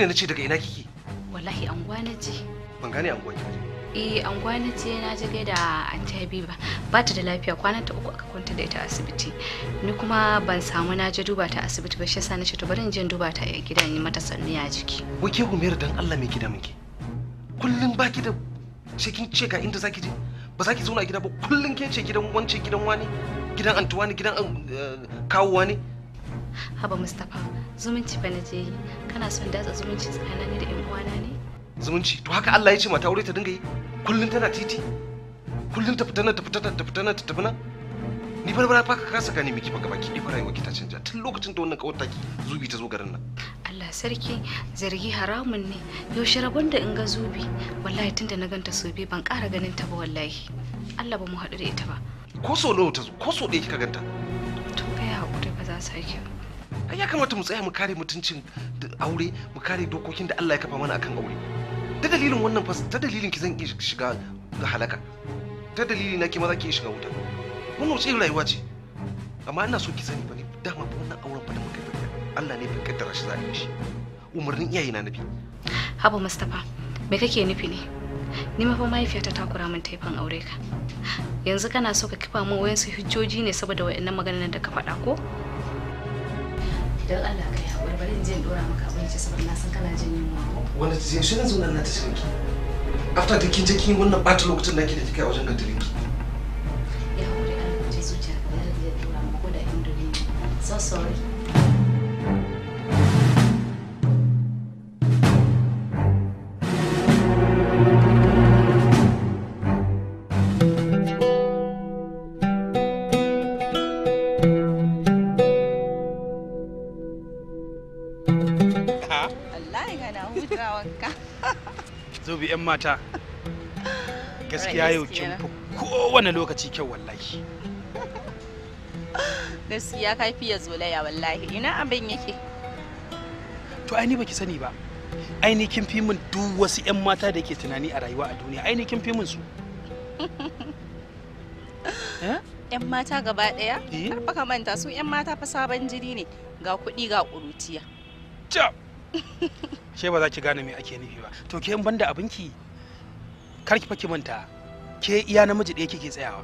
shine nace daga ina kike wallahi anguwa na je ban gane anguwa ce eh anguwa na je na je gaida anti habiba ba ta da lafiya kwanan ta uku aka kwanta da ita asibiti ni kuma ban samu na je duba ta asibiti ba shi yasa ce to bari in je duba ta a gida ni mata sannu ya jiki wake gumiyar dan Allah mai gida muke kullum baki da cikin ce inda zaki je ba za ki zauna a gida ba kullum ke ce gidan wance gidan wani gidan antuwani gidan eh, kawowa ne haba mustapha zumunci fa na je yi kana son datsa zumunci tsakanin da yan uwana ne zumunci to haka Allah ya ce mata aure ta dinga yi kullun tana titi kullun ta fita nan ta fita nan ta fita nan ta tafi nan ni fa ba ka kasa gane miki baka baki ni fa rayuwa ki ta canja tun lokacin da wannan kawar taki zubi ta zo garin nan Allah sarki zargi haramun ne yaushe rabon da in ga zubi wallahi tunda na ganta sobe ban ƙara ganin ta ba wallahi Allah ba mu haɗu da ita ba ko so nawa ta zo ko so ɗaya kika ganta to kai hakuri ba za su haike ba ya kamata mu tsaya mu kare mutuncin aure mu kare dokokin da Allah ya kafa mana akan aure ta dalilin wannan fas ta dalilin ki zan iya shiga ga halaka ta dalili na ki ma za ki iya shiga wuta wannan wace rayuwa ce amma ina so ki sani bane ne dama ba wannan auren fa da muka yi Allah ne bai kaddara shi za a yi shi umarnin iyaye na nabi haba mustafa me kake nufi ne ni ma fa mahaifiyata ta kura min taifin aure ka yanzu kana so ka kifa min wayansu hujjoji ne saboda wayannan maganar da ka faɗa ko dan Allah kai haƙuri bari in je in dora maka abinci saboda na san kana jin yunwa wanda ta ce na wannan ɓata lokacin da kike kai a wajen gantarin ya haƙuri Allah zuciya ka ko da indomi so sorry mata gaskiya yau kin fi kowane lokaci kyau wallahi gaskiya ka fiye zolaya wallahi ina abin yake to ai ni baki sani ba ai ni kin fi min duk wasu yan mata da ke tunani a rayuwa a duniya ai ni kin fi min su yan eh? mata gaba daya har eh? baka manta su yan mata fa sabon jini ne ga kuɗi ga ƙuruciya she ba za ki gane me ake nufi ba to ke in banda abinki kar ki ki manta ke iya namiji yake kike tsayawa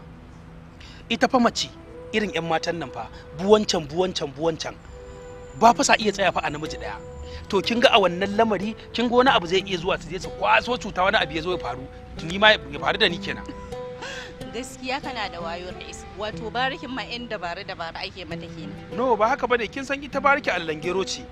ita fa mace irin yan matan nan fa buwancan buwancan buwancan ba fa sa iya tsaya fa a namiji daya to kin ga a wannan lamari kin ga wani abu zai iya zuwa su je su kwaso cuta wani abu ya zo ya faru ni ma ya faru da ni kenan gaskiya kana da wayo da isa wato barikin ma in dabare dabare ake mata kenan no ba haka bane kin san ita bariki allangero ce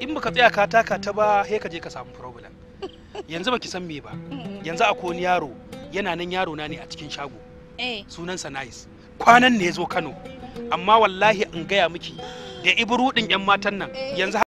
in baka tsaya ka taka ta ba sai ka je ka samu problem yanzu baki san me ba yanzu a wani yaro yana nan yaro na ne a cikin shago eh. sunansa nice kwanan ne ya zo kano amma wallahi in gaya miki da ibru din 'yan matan nan eh. yanzu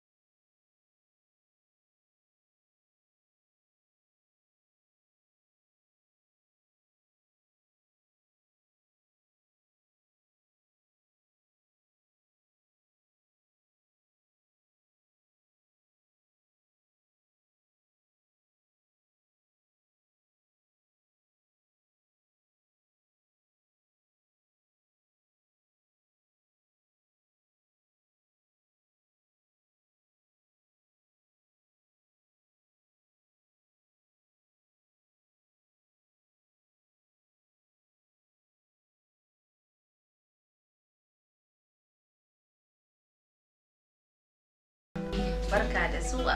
barka da zuwa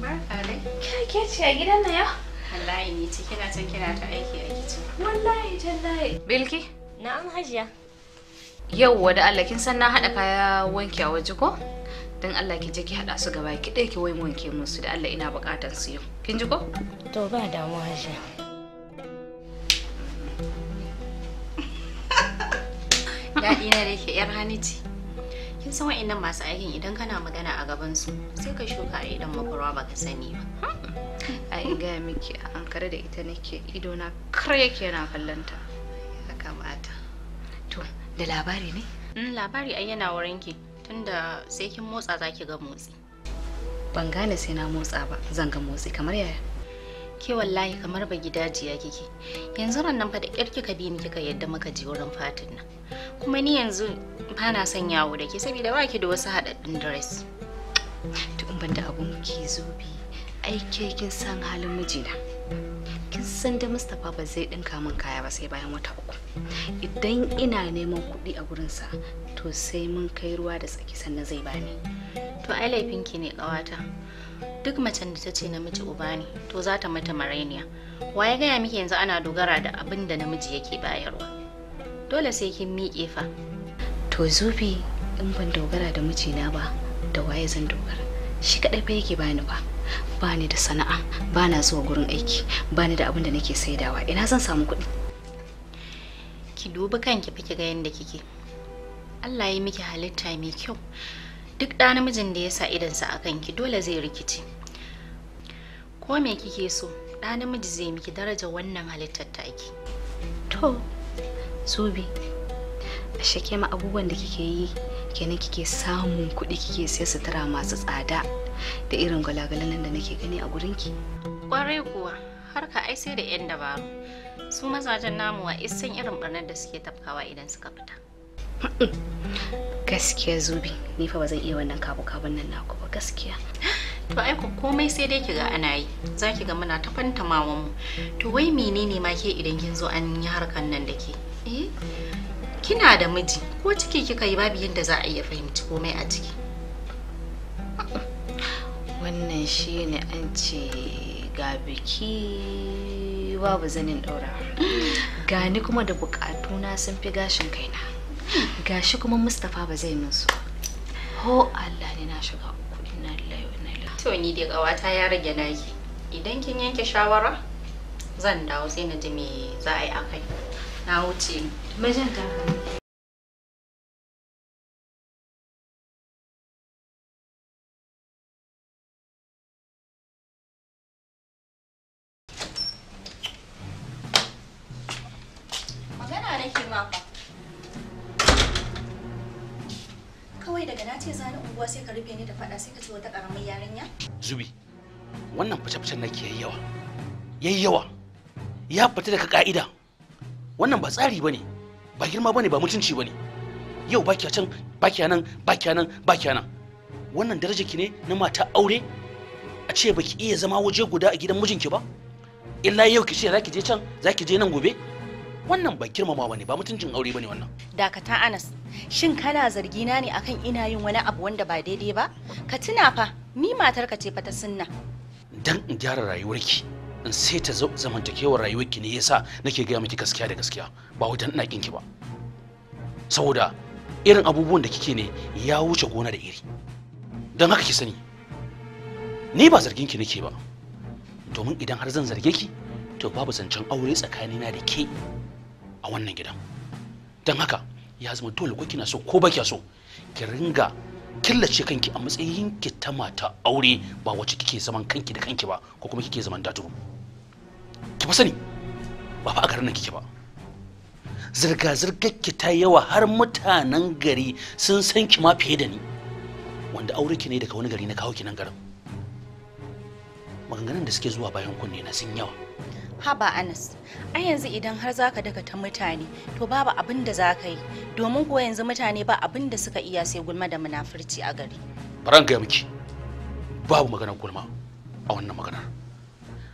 barka dai ke ce a gidan na yau wallahi ni ce kina ta kina ta aiki a kicin wallahi tallahi bilki na'am hajiya Yau da Allah kin san na hada kaya wanki a waje ko don Allah ki je ki hada su gaba ki dai ki wai wanke musu da Allah ina bukatar su yau kin ji ko to ba damuwa hajiya Ya ina da yake yar hannu ce kin san wa'annan masu aikin idan kana magana a gaban su sai ka shuka a idan makarwa baka sani ba hmm. a in gaya miki a ankara da ita nake ido na kare yake yana kallon ya kamata to da labari ne hmm, labari ai yana wurin ki tunda sai kin motsa zaki ga motsi ban gane sai na motsa ba zan ga motsi kamar yaya ke wallahi kamar ba ya kike yanzu ran nan fa da kyar kika bi ni kika yadda muka je wurin fatin nan kuma ni yanzu ba na son yawo da ke saboda ba ki da wasu haɗaɗɗun dress to in ban da abun ki bi ai ke kin san halin mijina kin san da Mustapha ba zai dinka min kaya ba sai bayan wata uku idan ina neman kuɗi a gurinsa to sai mun kai ruwa da tsaki sannan zai bani to ai laifin ki ne kawata. duk macen da ta ce namiji uba ne to za ta mata marainiya wa ya gaya miki yanzu ana dogara da abin da namiji yake bayarwa dole sai kin miƙe fa to zubi in ban dogara da mijina ba da waye zan dogara shi kadai fa yake bani ba bani da sana'a bana zuwa gurin aiki bani da abin da nake saidawa ina zan samu kuɗi ki dubi kanki fa ki ga yanda kike Allah ya miki halitta mai kyau duk ɗa namijin da ya sa idansa a kanki dole zai rikici ko me kike so ɗa namiji zai miki daraja wannan halittar taki to zubi a shake ma abubuwan da kike yi kenan kike samun kuɗi kike sai sutura masu tsada da irin gwalagwalan da nake gani a gurinki kwarai kuwa harka ai sai da 'yan dabaru su mazajen namuwa wa isan irin barnar da suke tafkawa idan suka fita gaskiya zubi ni fa ba zan iya wannan kabu kabun nan naku ba gaskiya to ai ku komai sai dai kiga ana yi za ki ga muna ta maman mu to wai menene ma ke idan kin zo an yi harkan nan da ke eh kina da miji ko ciki kika yi babu yadda za a iya fahimci komai a ciki wannan shi ne an ce ga biki babu zanin ɗaura gani kuma da bukatuna sun fi gashin kaina gashi kuma Mustapha ba zai min su ho Allah ne na shiga uku na da. wa to ni dai kawata ya rage naki idan kin yanke shawara zan dawo sai na ji me za a yi akai na wuce mijinta tsari bane ba girma bane ba mutunci bane yau ba kya can ba kya nan ba kya nan ba nan wannan daraja ki ne na mata aure a ce baki iya zama waje guda a gidan mijinki ba illa yau ki ce zaki je can zaki je nan gobe wannan ba girmama bane ba mutuncin aure bane wannan dakata Anas shin kana zargi na ne akan ina yin wani abu wanda ba daidai ba ka tuna fa ni matar ka ce fa ta sunna dan in gyara rayuwarki in sai ta zamantakewar rayuwar ki ne yasa nake gaya miki gaskiya da gaskiya ba wajen ina ki ba saboda irin abubuwan da kike ne ya wuce gona da iri don haka ki sani ni ba zargin ki nake ba domin idan har zan zarge ki to babu zancen aure tsakanina da ke a wannan gidan don haka ya zama dole ko kina so ko ba kya so ki ringa killace kanki a matsayin ki ta mata aure ba wacce kike zaman kanki da kanki ba ko kuma kike zaman datu. ki fa sani ba fa a garin nan kike ba zirga-zirgar ki ta yawa har mutanen gari sun san ki ma fiye da ni wanda aure ki ne daga wani gari na kawo ki nan garin maganganun da suke zuwa bayan kunne na sun yawa haba anas a yanzu idan har zaka daga ta mutane to babu abin da zaka yi domin ko yanzu mutane ba abin da suka iya sai gulma da munafurci a gari baran ga miki babu maganar gulma a wannan maganar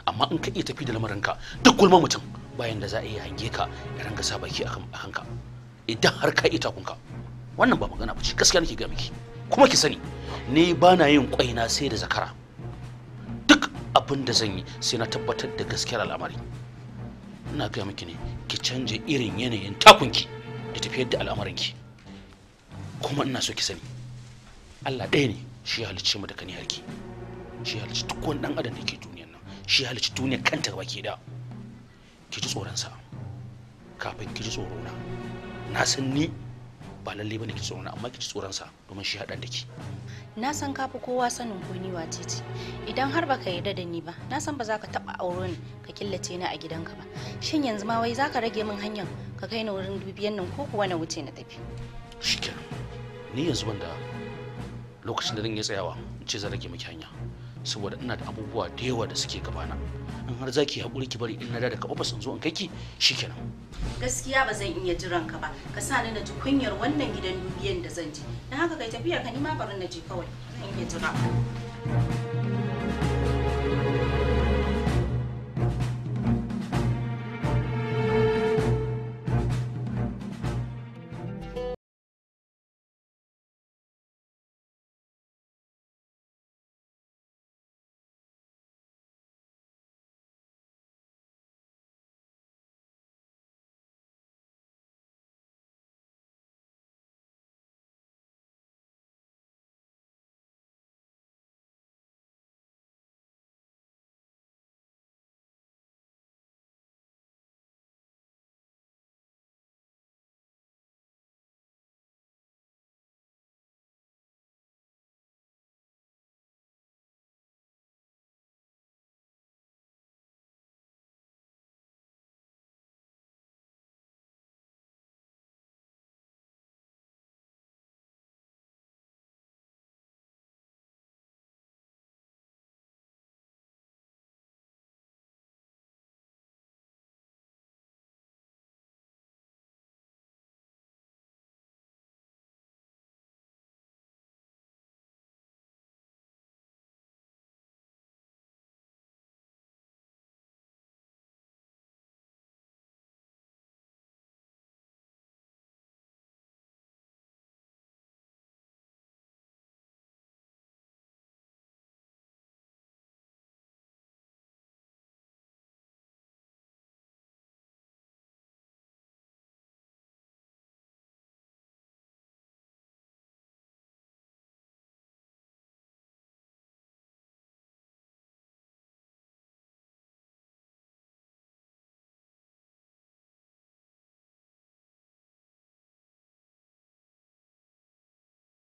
amma in ka iya tafi da lamarin ka duk gulma mutum bayan da za a iya hange ka ya ranga sa baki a hanka idan har ka iya takunka wannan ba magana ba ce gaskiya nake ga miki kuma ki sani ni ba na yin kwaina sai da zakara duk abin da zan yi sai na tabbatar da gaskiyar al'amari ina gaya miki ne ki canja irin yanayin takunki da tafiyar da al'amarinki kuma ina so ki sani Allah ɗaya ne shi halicce mu da kani harki shi halicce duk wani ɗan adam da ke duniya shi halicci duniya kanta gaba ke da ki ji tsoronsa kafin ki ji tsorona na san ni ba lalle bane ki tsorona amma ki ji tsoronsa domin shi haɗa da ki na san ka fi kowa sanin ko ni wa titi idan har baka yarda da ni ba na san ba za ka taɓa auren ni ka killace ni a gidanka ba shin yanzu ma wai za ka rage min hanyar ka kai ni wurin dubiyan nan ko kuwa na wuce na tafi shikenan ni yanzu wanda lokacin da zan ya tsayawa in ce zan rage miki hanya saboda ina da abubuwa da yawa da suke gabana in har zaki hakuri ki bari in na da ka ofis in zo in kai ki shikenan gaskiya ba zan iya jiran ka ba ka sa ni na ji kunyar wannan gidan dubiyan da zan je dan haka kai tafiya ka nima barin na je kawai in iya jira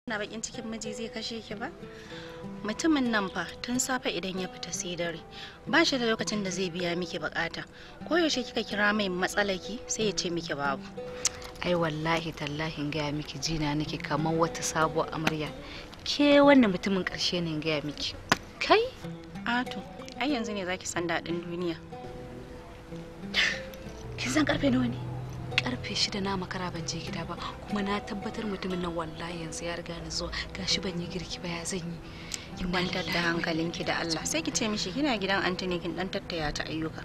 na bakin cikin miji zai kashe ki ba mutumin nan fa tun safe idan ya fita sai dare ba shi da lokacin da zai biya miki bukata yaushe kika kira mai matsalaki sai ya ce miki babu ai wallahi tallahi gaya miki jina nake kamar wata sabuwar amarya ke wannan mutumin karshe ne gaya miki kai ato ai yanzu ne zaki san dadin duniya kin san karfe nawa ne karfe shida na makara ban je gida ba kuma na tabbatar mutumin nan wallahi yanzu ya riga ni zuwa gashi ban yi girki ba ya zan yi ki kwantar da hankalinki da Allah sai ki ce mishi kina gidan antini kin dan tattaya ta ayyuka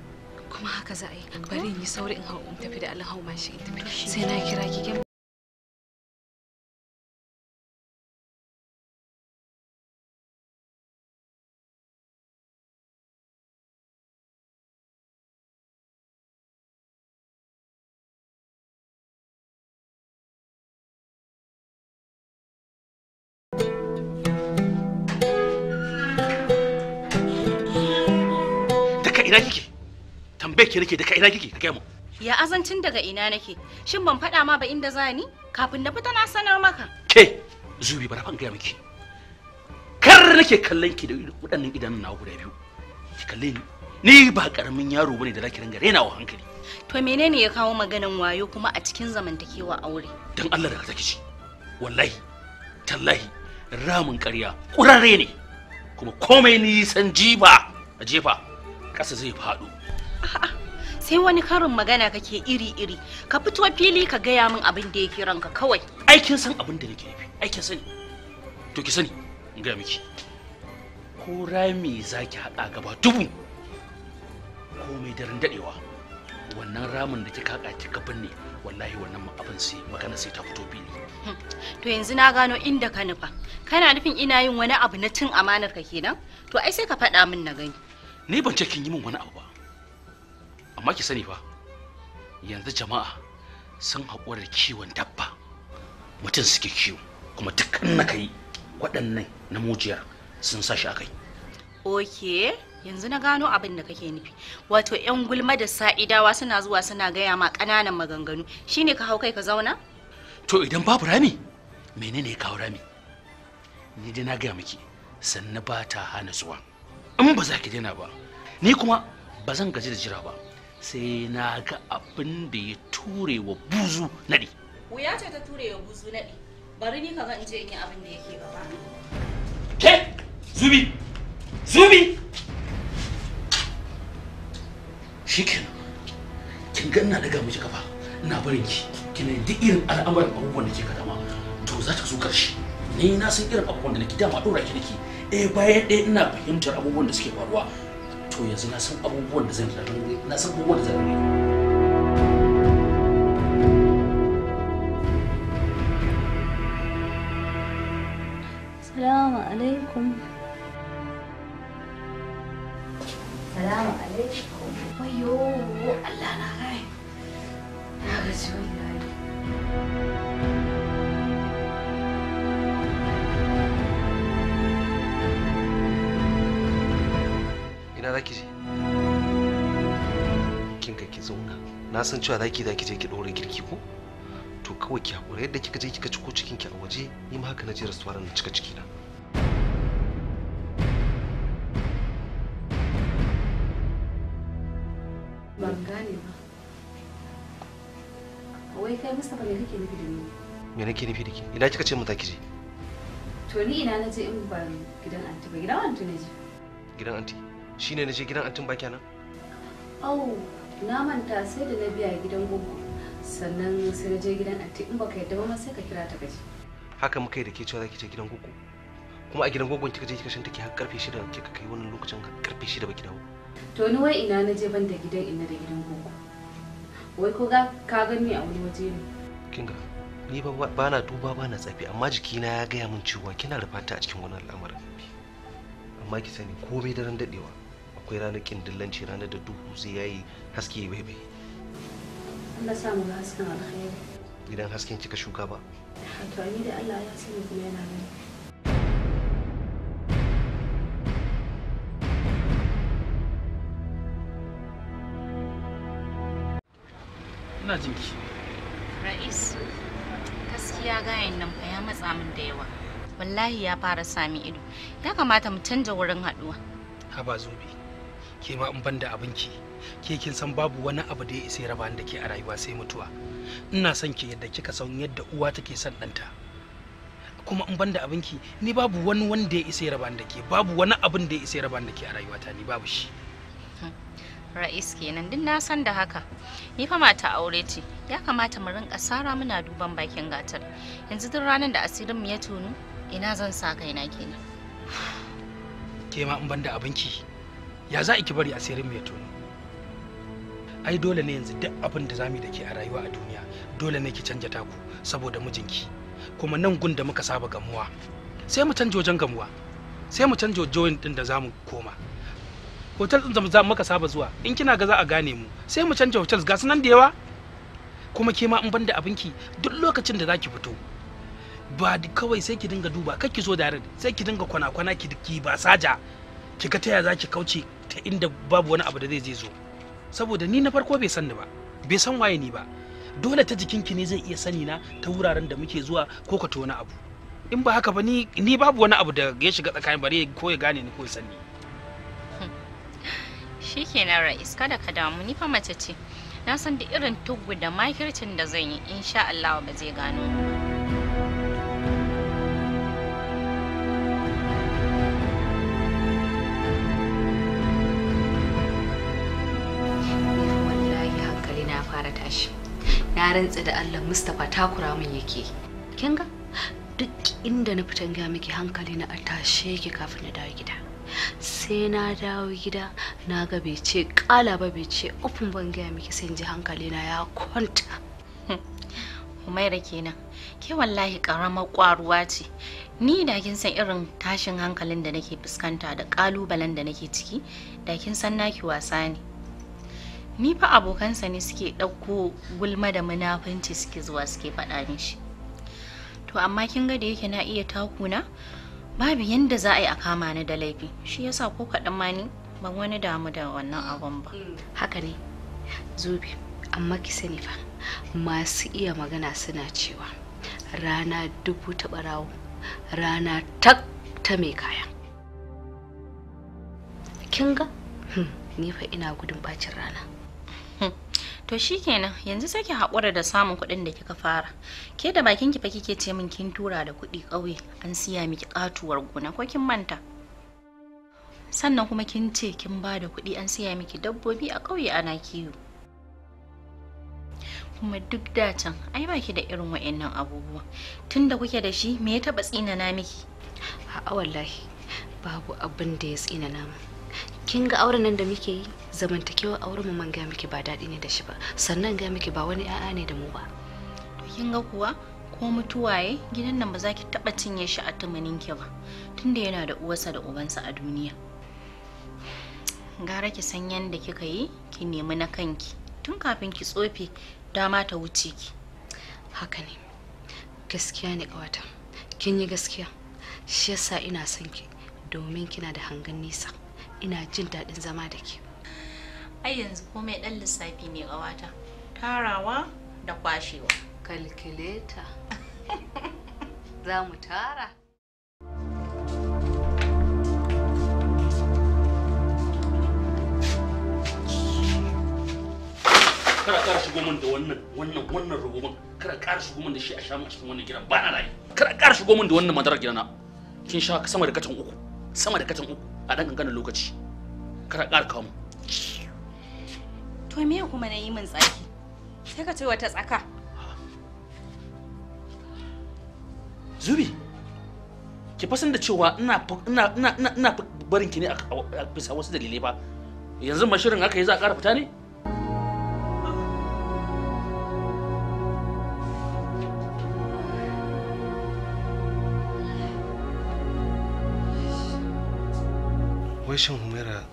kuma haka za a yi bari in yi sauri in hau in tafi da Allah hau mashi in tafi sai na kira ki ina kike tambaye ki nake daga ina kike ka kai mu ya azancin daga ina nake shin ban faɗa ma ba inda za ni kafin na fita na sanar maka ke zubi bara fan gaya miki kar nake kallon ki da waɗannan idanun na guda biyu ki kalle ni ni ba karamin yaro bane da zaki ringa wa hankali to menene ya kawo maganan wayo kuma a cikin zamantakewa aure dan Allah da ka ci wallahi tallahi ramin ƙarya ƙurare ne kuma komai nisan jiba a jefa ƙasa zai faɗo sai wani karin magana kake iri-iri ka fito fili ka gaya min abin da yake ranka kawai aikin san abin da nake nufi aikin sani to ki sani in miki ko rami zaki haɗa gaba dubu ko mai daren daɗewa wannan ramin da kika haɗa kika binne wallahi wannan abin sai magana sai ta fito fili hmm, to yanzu na gano inda ka nufa kana nufin ina yin wani abu na cin amanar ka kenan to ai sai ka faɗa min na gani ni ban ce kin yi min wani abu ba amma ki sani fa yanzu jama'a sun haƙura kiwon dabba mutum suke kiwo kuma dukkan na kai waɗannan na mujiyar sun sa shi a kai ok yanzu na gano abin da kake nufi wato 'yan gulma da sa'idawa suna zuwa suna gaya ma kananan maganganu shine ka hau kai ka zauna to idan babu rami menene ya kawo rami ni dai na gaya miki sannan ba ta hana zuwa in ba za ki daina ba ni kuma ba zan gaji da jira ba sai na ga abin da ya ture wa buzu naɗi wuya ce ta ture wa buzu naɗi bari ni ka ga in je in yi abin da yake gaba ke zubi zubi shikenan kin ga ina daga miji kafa ina barin ki kina duk irin al'amuran abubuwan da ke kadama to za ta zo karshe ni na san irin abubuwan da nake dama dora ki nake eh bayan ɗaya ina fahimtar abubuwan da suke faruwa to yanzu na san abubuwan da zan na san abubuwan da zan yi Salamu alaikum. Salamu alaikum. Wayo Allah na gai. Na gaji wani ina zaki je kin ka ki zauna na san cewa zaki zaki je ki dora girki ko to kawai ki hakura yadda kika je kika ci ko cikin ki a waje ni ma haka na je restaurant na cika ciki na ban gane ba wai kai Mustapha me kake nufi da ni me nake nufi da ke ina kika ce mu zaki je to ni ina na je in ba gidan anti ba gidan anti ne je gidan anti shine na je gidan antin ba kenan au na manta sai da na biya gidan gugu sannan sai na je gidan antin in baka yadda ba ma sai ka kira ta gaji haka muka yi da ke cewa zaki je gidan gugu kuma a gidan gugun kika je kika shan take har karfe 6 kika kai wannan lokacin karfe 6 ba gidan to ni wai ina na je ban da gidan ina da gidan gugu wai ko ga ka gani a wani waje ne kinga ni ba ba na duba ba na tsafi amma jikina ya gaya min cewa kina da fata a cikin wannan al'amarin amma ki sani komai daren dadewa akwai ranar kin dillanci ranar da duhu zai yayi haske bai bai Allah sa mu hasken alkhairi idan hasken kika shuka ba to ni da Allah ya sani kuma yana gani ina jinki ra'is gaskiya gayan nan fa ya matsa min da yawa wallahi ya fara sami ido ya kamata mu canja wurin haduwa haba zobe ke ma in ban da abinki ke kin san babu wani abu da ya isa raba da ke a rayuwa sai mutuwa ina son ki yadda kika san yadda uwa take son ɗanta kuma in ban da abinki ni babu wani wanda ya isa raba da ke babu wani abin da ya isa raba da ke a rayuwa ta ni babu shi ra'is kenan duk na san da haka ni fa mata aure ce ya kamata mu rinka sara muna duban bakin gatar yanzu duk ranar da asirin mu ya tonu ina zan sa kaina kenan ke ma in ban da abinki ya za ki bari asirin mai tuni ai dole ne yanzu duk abin da zamu da ke a rayuwa a duniya dole ne ki canja taku saboda mijinki kuma nan gun da muka saba gamuwa sai mu canjo wajen gamuwa sai mu canjo join din da zamu koma hotel din da muka saba zuwa in kina ga za a gane mu sai mu canja hotels ga nan da yawa kuma ke ma in banda abinki duk lokacin da zaki fito ba kawai sai ki dinga duba kar ki zo da sai ki dinga kwana-kwana ki ba saja ki ga ta yaya za ki kauce ta inda babu wani abu da zai zo saboda ni na farko bai san ni ba bai san waye ni ba dole ta jikinki ne zai iya sani na ta wuraren da muke zuwa ko ka wani abu in ba haka ba ni ni babu wani abu da ya shiga tsakanin bare ko ya gane ni ko ya sani hmm. shikenan ra'is kada ka damu ni fa mace ce na san da irin tugu da makircin da zan yi insha Allah ba zai gano ni na rantsa da Allah Mustapha takura min yake kin ga duk inda na fitan ga miki hankali na atashe yake kafin na dawo gida sai na dawo gida na ga bai ce kala ba bai ce ofin ban gaya miki sai ji hankali na ya kwanta hmm. umaira kenan ke wallahi karamar kwaruwa ce ni da kin san irin tashin hankalin da nake fuskanta da kalubalen da nake ciki da kin san naki wasa ne ni fa abokansa ne suke ɗauko gulma da munafunci suke zuwa suke faɗa shi. to amma kin ga da yake na iya takuna babu yanda za a yi a kama ni da laifi shi yasa ko kaɗan ma ni ban wani damu da wannan abun ba mm. haka ne zubi amma ki sani fa masu iya magana suna cewa rana dubu ta ɓarawo rana tak ta mai kaya kin ga hmm, ni fa ina gudun bacin rana to shi kenan, yanzu sake haƙura da samun kuɗin da kika fara ke da bakin ki fa kike ce min kin tura da kuɗi ƙauye an siya miki katuwar gona ko kin manta sannan kuma kin ce kin ba da kuɗi an siya miki dabbobi a ƙauye ana kiwo kuma duk da can ai ba ki da irin wa'annan abubuwa tun da kuke da shi me ya taɓa tsinana miki a'a wallahi babu abin da ya tsinana min kin ga auren nan da muke yi zamantakewa auren mu man ga miki ba daɗi ne da shi ba sannan ga miki ba wani 'ya'ya ne da mu ba to kin ga kuwa ko mutuwaye gidan nan ba za ki taɓa cinye shi a ki ba tunda yana da uwarsa da ubansa a duniya gara ki san yadda kika yi ki nemi na kanki tun kafin ki tsofe dama ta wuce ki haka ne gaskiya ne kawata kin yi gaskiya shi yasa ina son ki domin kina da hangen nisa ina jin daɗin zama da ke ai yanzu komai ɗan lissafi ne ƙawata tarawa da kwashewa kalkuleta za mu tara kara ƙara shigo min da wannan wannan wannan rugumin kara ƙara shigo min da shi a sha cikin wannan gidan ba na rayu kara ƙara shigo min da wannan madarar gidana kin sha sama da katan uku sama da katan uku a ɗan ƙanƙanin lokaci kar a ƙara kawo mu to me kuma na yi min tsaki sai ka ce wata tsaka zubi ki fasan da cewa ina ina ina ina barin ki ne a bisa wasu dalilai ba yanzu mashirin aka yi za a ƙara fita ne wai shin humaira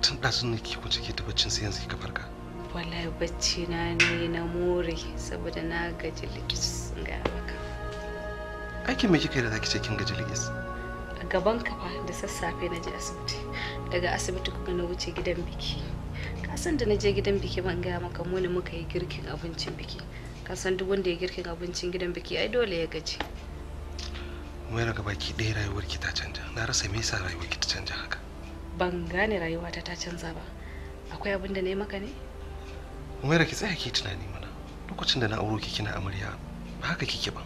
tun ɗazun nake kwance ke ta baccin sai yanzu kika farka wallahi bacci na ne na more saboda na gaji likis ga maka aikin me kika yi da zaki ce kin gaji likis a gaban kafa da sassafe na je asibiti daga asibiti kuma na wuce gidan biki ka san da na je gidan biki ban gaya maka mu ne muka yi girkin abincin biki ka san duk wanda ya girkin abincin gidan biki ai dole ya gaji wai gaba baki ɗaya rayuwar ki ta canja na rasa me yasa rayuwar ki ta canja haka ban gane rayuwata ta canza ba akwai abin da nayi maka ne umaira ki tsaya ki tunani mana lokacin da na auro ki kina amarya ba haka kike ba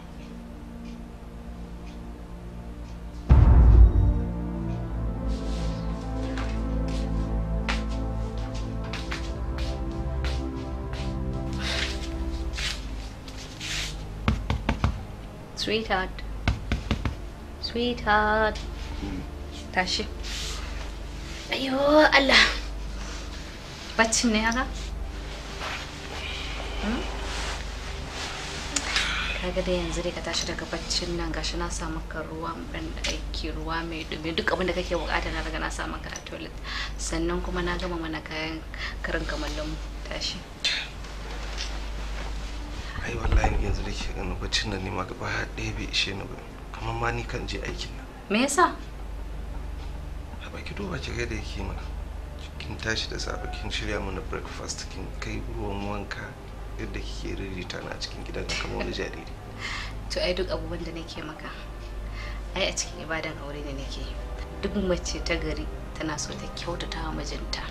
Sweetheart. sweetheart tashi ayo Allah baccin ne haka hmm? kaga da yanzu dai ka tashi daga baccin nan gashi na sa maka ruwa dan aiki ruwa mai dumi duk abin da kake bukata na daga na sa maka a toilet sannan kuma na gama mana kayan karin kamallon tashi ai wallahi yanzu da ke ganin baccin nan ne ma gaba ɗaya bai ishe ni ba kamar ma ni kan je aikin nan me yasa a baki duba ki ga da yake mana kin tashi da safe kin shirya mana breakfast kin kai ruwan wanka yadda kike ririta na cikin gidan kamar wani jariri to ai duk abubuwan da nake maka ai a cikin ibadan aure ne nake duk mace ta gari tana so ta kyautata wa mijinta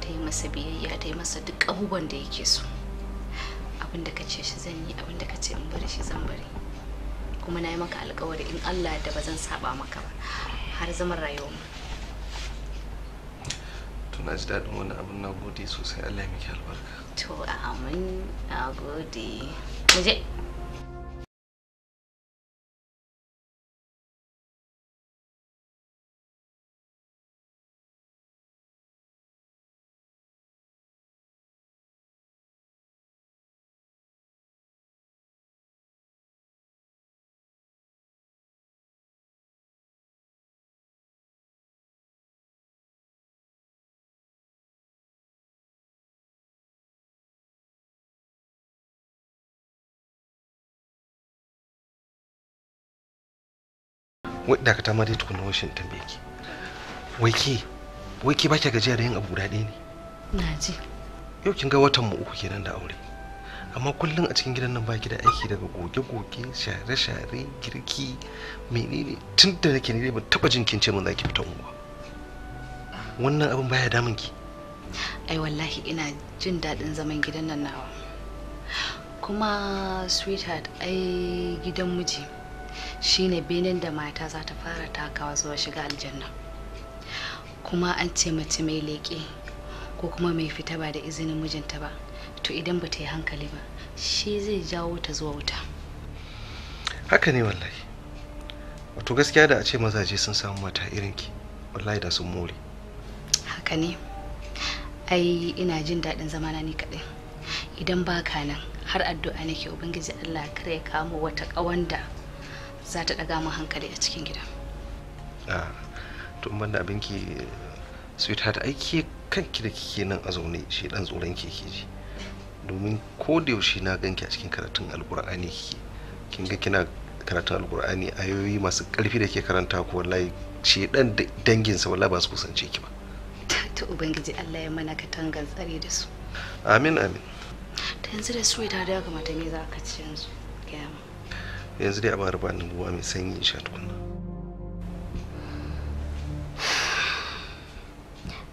ta yi masa biyayya ta yi masa duk abubuwan da yake so abin da ka ce shi zan yi abin da ka ce in bari shi zan bari kuma na yi maka alkawari in Allah da ba zan saba maka ba har zaman rayuwa to na ji daɗin wani abin na gode sosai Allah ya miki albarka to amin na gode mu je wadda ka ta ma tukunan washin tambaye wai ki wai ki baki gajiya da yin abu guda ne na ji yau kin ga watan mu uku kenan da aure amma kullum a cikin gidan nan baki da aiki daga goge-goge share-share girki menene tun da nake ne ban taba jin kin ce mun zaki fita unguwa wannan abin baya damun ki ai wallahi ina jin daɗin zaman gidan nan nawa kuma sweetheart ai gidan miji shine benin da mata za ta fara takawa zuwa shiga aljanna kuma an ce mace mai leƙe ko kuma mai fita ba da izinin mijinta ba to idan ba ta yi hankali ba shi zai jawo ta zuwa wuta haka ne wallahi wato gaskiya da a ce mazaje sun samu mata irinki wallahi da sun more haka ne ai ina jin daɗin zamana ni kaɗai idan baka nan har addu'a nake ubangiji allah kare kamo wata ƙawanda za ta ɗaga mu hankali a cikin gida ah, to ban da abinki sweetheart aiki kanki da kike nan a zaune shi dan tsoron ke ke ji domin ko da yaushe na ganki a cikin karatun alkur'ani kike kin ga kina karatun alkur'ani ayoyi masu karfi da ke karanta ko wallahi shi dan dangin sa wallahi ba su kusance ki ba to ubangiji Allah ya mana ka tangan tsare da su amin amin ta yanzu da su da ya kamata ne za ka ci yanzu gaya yanzu dai a ba ruwa mai sanyi in sha tukunna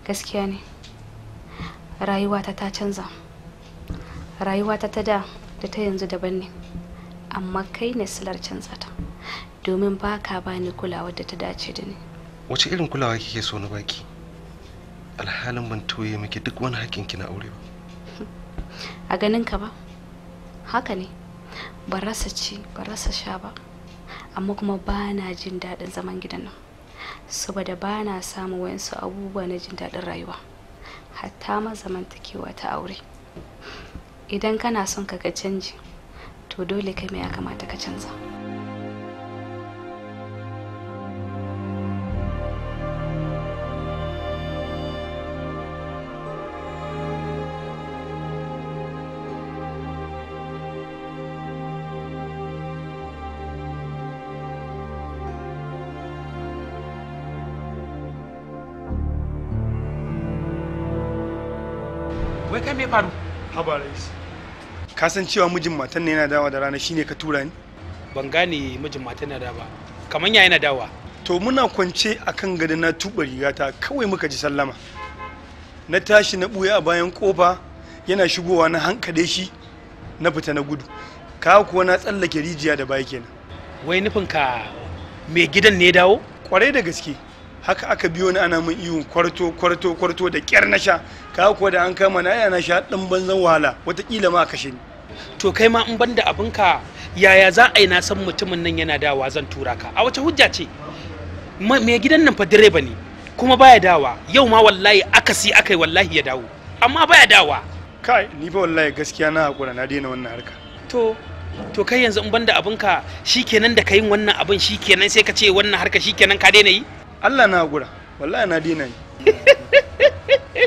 gaskiya ne rayuwata ta canza rayuwata ta da da ta yanzu daban ne amma kai ne silar canza ta domin ba ka ba ni kulawar da ta dace da ni wace irin kulawa kike so na baki alhalin ban toye miki duk wani hakkin ki na aure ba a ganin ka ba haka ne ba rasa ci ba rasa sha ba amma kuma ba na jin daɗin zaman gidan nan saboda ba na samun wayansu abubuwa na jin daɗin rayuwa hatta ma zamantakewa ta aure idan kana son ka ga canji to dole kai mai ya kamata ka canza. kai me faru haba rais ka san cewa mijin matan ne yana dawa da rana shine ka tura ni ban gane mijin matan na da kaman yana dawa to muna kwance akan gada na tuba rigata kawai muka ji sallama na tashi na buya a bayan kofa yana shigowa na hankale shi na fita na gudu ka kuwa na tsallake rijiya da baya kenan wai nufin ka mai gidan ne dawo kwarai da gaske haka aka biyo ni ana min iyo kwarto kwarto kwarto da kyar na sha ka kuwa da an kama na yana sha ɗan banzan wahala watakila ma kashe ni to kai ma in banda abinka yaya za a yi na san mutumin nan yana dawa zan tura ka a wace hujja ce mai gidan nan fa direba ne kuma baya dawa yau ma wallahi akasi akai wallahi ya dawo amma baya dawa kai ni fa wallahi gaskiya na hakura na daina wannan harka to to kai yanzu in banda abinka shikenan da ka wannan abin shikenan sai ka ce wannan harka shikenan ka daina yi Allah na gura wallahi na dina ne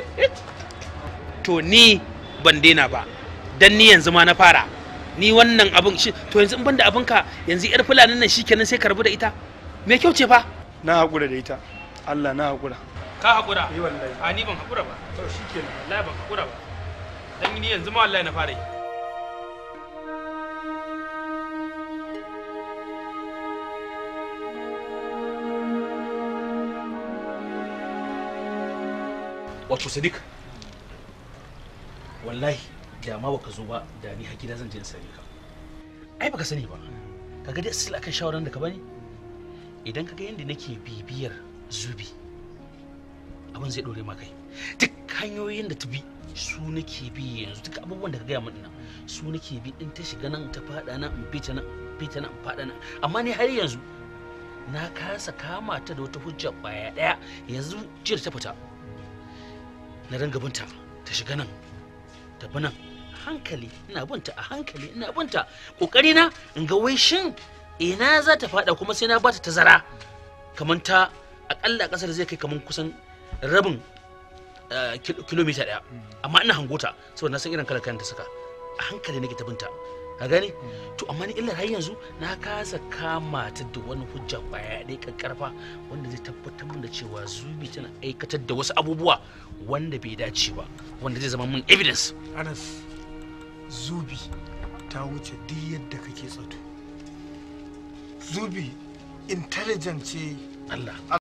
to ni ban dina ba dan ni yanzu ma na fara ni wannan abin shi to yanzu in banda abinka yanzu yar fulanin nan shikenan sai karbu da ita me kyau ce fa na hakura da ita Allah na hakura. ka hakura? eh wallahi a ni ban hakura ba to shikenan wallahi ban hakura ba dan ni yanzu ma wallahi na fara yi wato sadiq wallahi da ma baka zo ba da ni hakida zan je in sani ka ai baka sani ba kaga dai asali akan shawaran da ka bani idan kaga yadda nake bibiyar zubi abin zai dore ma kai duk hanyoyin da ta bi su nake bi yanzu duk abubuwan da ka gaya min nan su nake bi in ta shiga nan ta fada nan in fita nan in fita nan in fada nan amma ni har yanzu na kasa kama ta da wata hujja ɓaya daya yanzu jiyar ta fita na ringa binta ta shiga nan ta nan a hankali ina binta a hankali ina binta kokari na in ga wai shin ina za ta fada kuma sai na bata tazara kamar ta akalla kasar zai kai kamar kusan rabin kilomita daya amma ina hangota saboda na san irin kalakan kayan ta saka a hankali nake ta binta ka gani to amma ni illar har yanzu na kasa kama ta da wani hujja kwaya ka karfa wanda zai tabbatar mun da cewa zubi tana aikatar da wasu abubuwa wanda bai dace ba wanda zai zama min evidence anas zubi ta wuce duk yadda kake tsato zubi intelligent Allah